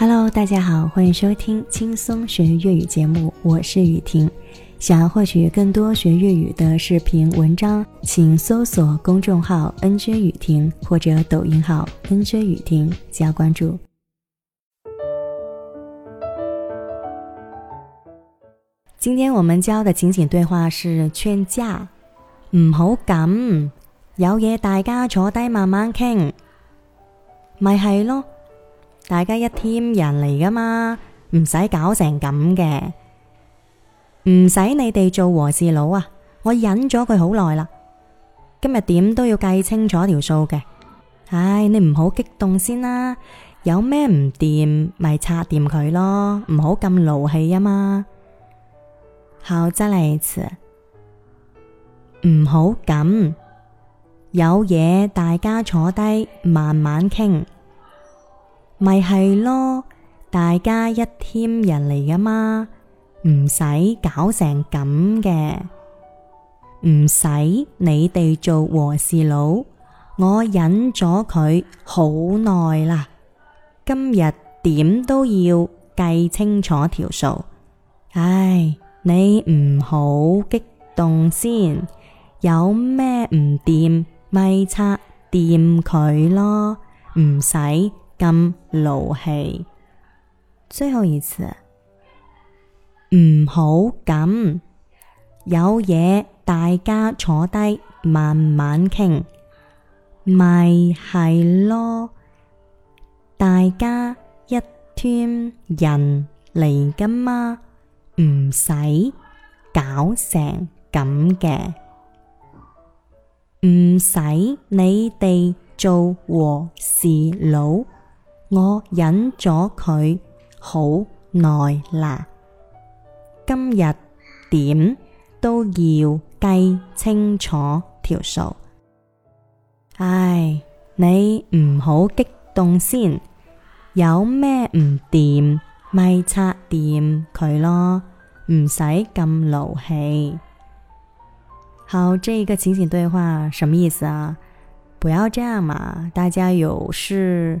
Hello，大家好，歡迎收聽輕鬆學粵語節目，我是雨婷。想要獲取更多學粵語的視頻文章，請搜索公眾號 “nj 雨婷”或者抖音號 “nj 雨婷”加關注。今天我們教的情景對話是勸架，唔好咁，有嘢敢大家坐低慢慢傾，咪係咯。大家一 team 人嚟噶嘛，唔使搞成咁嘅，唔使你哋做和事佬啊！我忍咗佢好耐啦，今日點都要計清楚條數嘅。唉，你唔好激動先啦、啊，有咩唔掂咪拆掂佢咯，唔、啊、好咁勞氣啊嘛。好真嚟遲，唔好咁，有嘢大家坐低慢慢傾。咪係咯，大家一 team 人嚟噶嘛，唔使搞成咁嘅，唔使你哋做和事佬，我忍咗佢好耐啦，今日點都要計清楚條數，唉，你唔好激動先，有咩唔掂咪拆掂佢咯，唔使。.咁勞氣，最後一次，唔好咁，有嘢大家坐低慢慢傾，咪係咯，大家一 team 人嚟噶嘛，唔使搞成咁嘅，唔使你哋做和事佬。我忍咗佢好耐啦，今日點都要計清楚條數。唉，你唔好激動先，有咩唔掂咪拆掂佢咯，唔使咁勞氣。好，這個情景對話什麼意思啊？不要這樣嘛，啊，大家有事。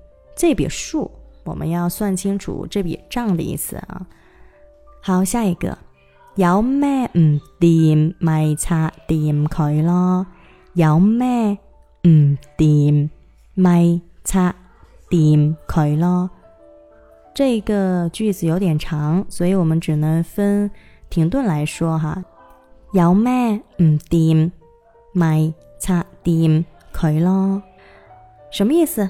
這筆數我們要算清楚這筆賬的意思啊。好，下一個，有咩唔掂咪拆掂佢咯？有咩唔掂咪拆掂佢咯？這個句子有點長，所以我們只能分停頓來說哈。有咩唔掂咪拆掂佢咯？什麼意思？